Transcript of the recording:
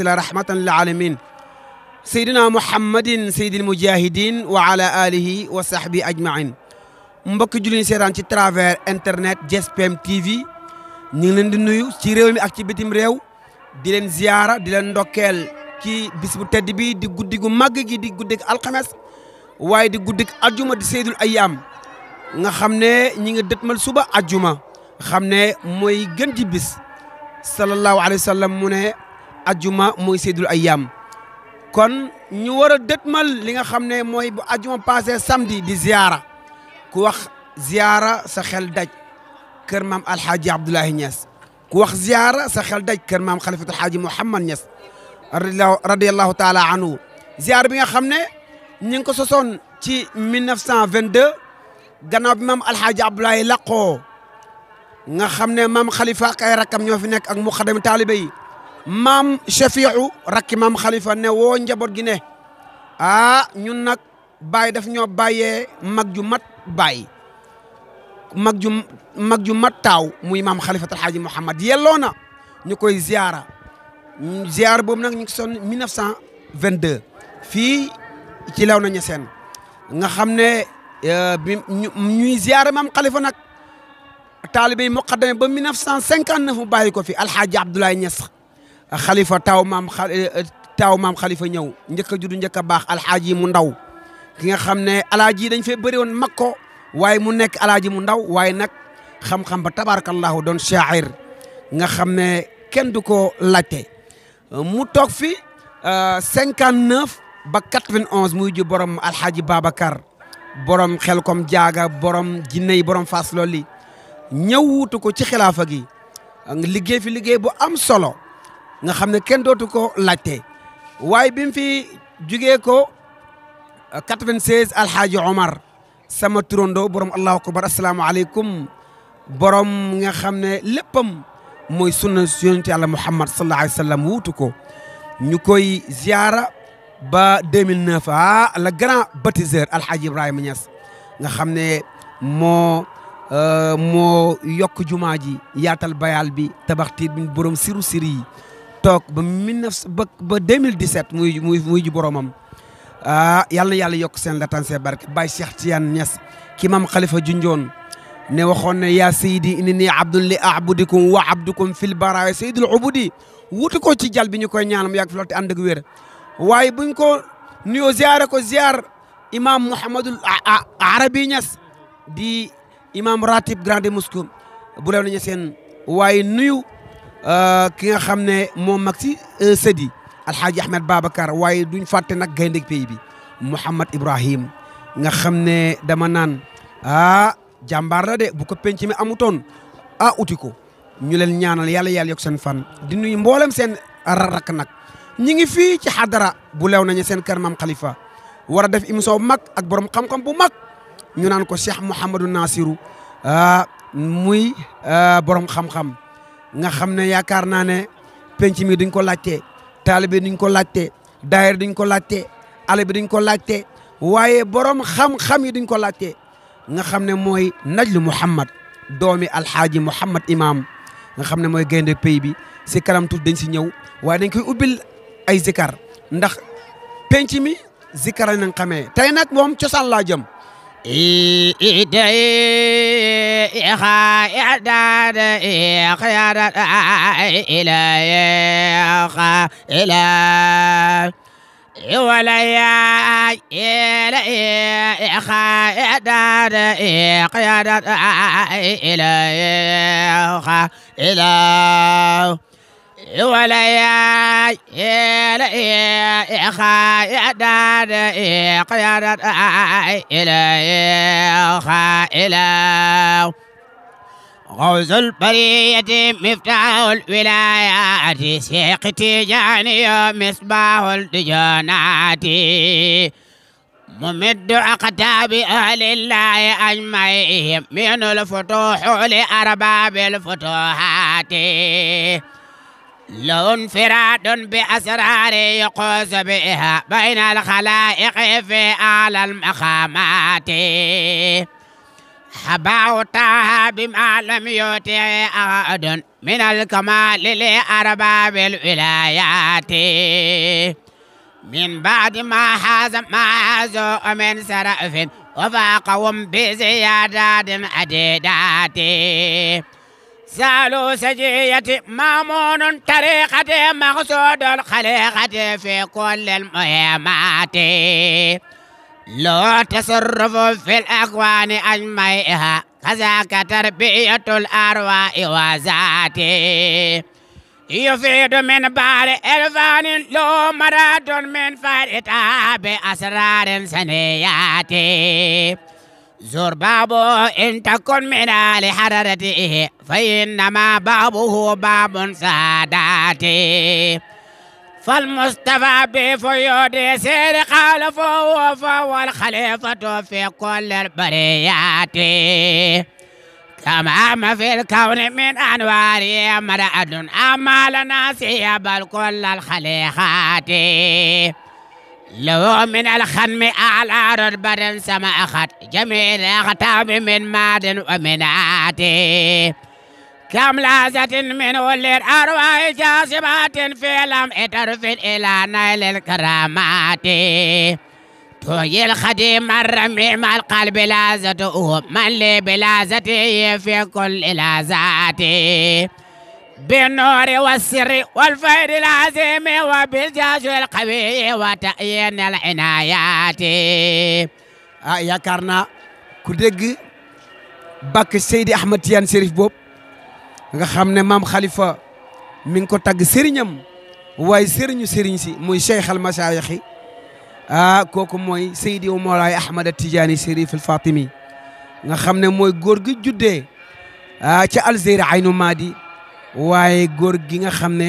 رحمة للعالمين سيدنا muhammadin سيد المجاهدين وعلى آله alihi أجمعين مبكي ajmain سيران julli ñu seetaan ci travers internet JSPM TV ñu ngi leen di nuyu ci réew mi ak ci bitim réew di leen دي di leen ndokkeel ci bis bu tedd دي di guddi gu màgg gi di ajuma di seydul nga xamne ñi nga dëtmal suba aljuma xamne moy gën ci bis sallallahu alayhi wasallam sallam mu ne ajjuma mooy seydul ayyaam kon ñu war a dëtmal li nga xam ne mooy bu ajjuma passé di ziyaara ku wax ziyaara sa xel daj kër maam alxaaji Abdoulahi Niass ku wax ziyaara sa xel daj kër maam xalifatul xaaji Mouhamad Niass radiyallahu taala anhu ziyaara bi nga xam ne ñu ngi ko sosoon ci 1922 gannaaw bi maam alxaaji Abdoulahi laqoo nga xam ne maam xalifa ak ay rakkam ñoo fi nekk ak muqaddam yi مام شفيعو راك مام خليفه نيو نجابور جي نه اه نون نك باي داف نيو بايي ماجو مات باي ماجو ماجو مات تاو موي مام خليفه الحاج محمد يلونا نيكوي زياره زيار بوم نك نيكي سون 1922 في تي لاونا ني سن nga xamne ñuy ziaré mam khalifa ah, nak talibé euh, muqaddamé ba 1959 bayiko fi alhaji abdullah niass khalifa taw mam taw mam khalifa ñëw ñeuk a juddu ñeuk a baax alxaaji mu ndaw ki nga xamne ne alaaji dañ fe bëri won makko waye mu nekk alaaji mu ndaw waye nak xam-xam ba tabarakallah don sha'ir nga xamne ken kenn du ko laajte mu tok fi 59 ba 91 muy ju borom alxaaji babakar borom xel kom jaaga borom jinne borom fas loli ñewutuko ci khilafa gi liggéey fi liggéey bu am solo nga xamne ken dotu ko laajte way bim fi jugee ko 96 alhaj Omar sama turondo borom allah akbar assalamu alaykum borom nga xamne léppam moy sunna yonente allah Muhammad sallallahu alayhi wasallam wutuko ñukoy ziyara ba 2009 ah le grand baptiseur alhaj ibrahim Niass nga xamne mo mo yok jumaaji yaatal bayal bi tabaxti bi borom siru siri toog ba 19 ba ba 2017 muy muy muy ji boromam ah yàlla yàlla yokk seen latan seen barke Baye Cheikh Tidiane Niass ki maam Khalifa junjoon ne waxoon ne yaa sayidi inni abdun li abudikum wa abdukum fil baraawe sayidul ubudi wutu ko ci jal bi ñu koy ñaanam yàgg fi loolu te ànd ak wér waaye buñ ko nuyoo ziare ko ziar a Mouhamadul Arabi Niass di imam ratib grande mosquée bu lew waaye nuyu Euh, ki nga xam ne moo mag si euh, sët yi alxaaji ahmed babacar waaye duñ fàtte nag gayndeg pays bi mouhamad ibrahim nga xam ne dama naan ah jàmbaar la de bu ko penc mi amutoon ah uti ko ñu leen ñaanal yàlla yàlla yokk seen fan di nuyu mboolem seen rakk nag ñi ngi fii ci xadara bu lew nañu seen kër maam xalifa war a def émission bu mag ak borom xam-xam bu mag ñu naan ko cheikh mouhamadou nasiru ah muy ah, borom xam-xam nga xam ne yaakaar naa ne penc mi duñ ko laajtee taalibe duñ ko laajtee daayir duñ ko laajtee ale bi duñ ko laajte waaye borom xam-xam yi duñ ko laajte nga xam ne mooy najlu Muhammad doomi alxaaji Muhammad Imaam nga xam ne mooy gaynde pays bi si kanam tuuti dañ si ñëw waaye dañ koy ubbil ay zikar ndax penc mi zikar nañ xame tey nag moom cosaan laa jëm. إيدي إخا إعداد إخيار إليخ إلى وليا إلى إخا إعداد إخيار يا قيادة يا قيادات يا إلو غوز البرية مفتاح الولايات سيق تجاني مصباح الدجانات ممد عقتاب أهل الله أجمعهم من الفتوح لأرباب الفتوحات لون فراد بأسرار يقوس بها بين الخلائق في أعلى المقامات حباوتها بما لم يؤتي أحد من الكمال لأرباب الولايات من بعد ما حازم ما من سرف وفاقهم بزيادات عديدات سالو سجية مامون طريقة مقصود الخليقة في كل المهمات لو تصرف في الأكوان أجمعها كذاك تربية الأرواح وزاتي يفيد من بار إلفان لو مراد من فرد بأسرار سنياتي زور بابه إن تكن من لحرارته فإنما بابه باب ساداتي فالمصطفى بفيود سير خالفه فهو الخليفة في كل البريات كما ما في الكون من أنوار مرأة أما لنا سيب كل الخليخات لو من الخنم أعلى رتبة سما أخت جميع الأختام من ماد ومن آتي كم لازة من للأرواح جاذبات في لم ترفد إلى نيل الكرامات توي الخديم الرميم القلب لازته من لي بلازته في كل لازاتي بالنور والسر والفيد العظيم وبالجاج القوي وتأيين العنايات yaakaar naa ku dégg bàkk Seydi Ahmad Tidiane Chérif boobu nga xam ne maam Khalifa mi ngi ko tagg sëriñam waaye sëriñu sëriñ si muy Cheikh al Masaayix yi ah kooku mooy Seydi wa Mawlaay Ahmad Tidiane Chérif al Fatimi nga xam ne mooy góor gi juddee ah ca Algérie aynu maadi waaye góor gi nga xam ne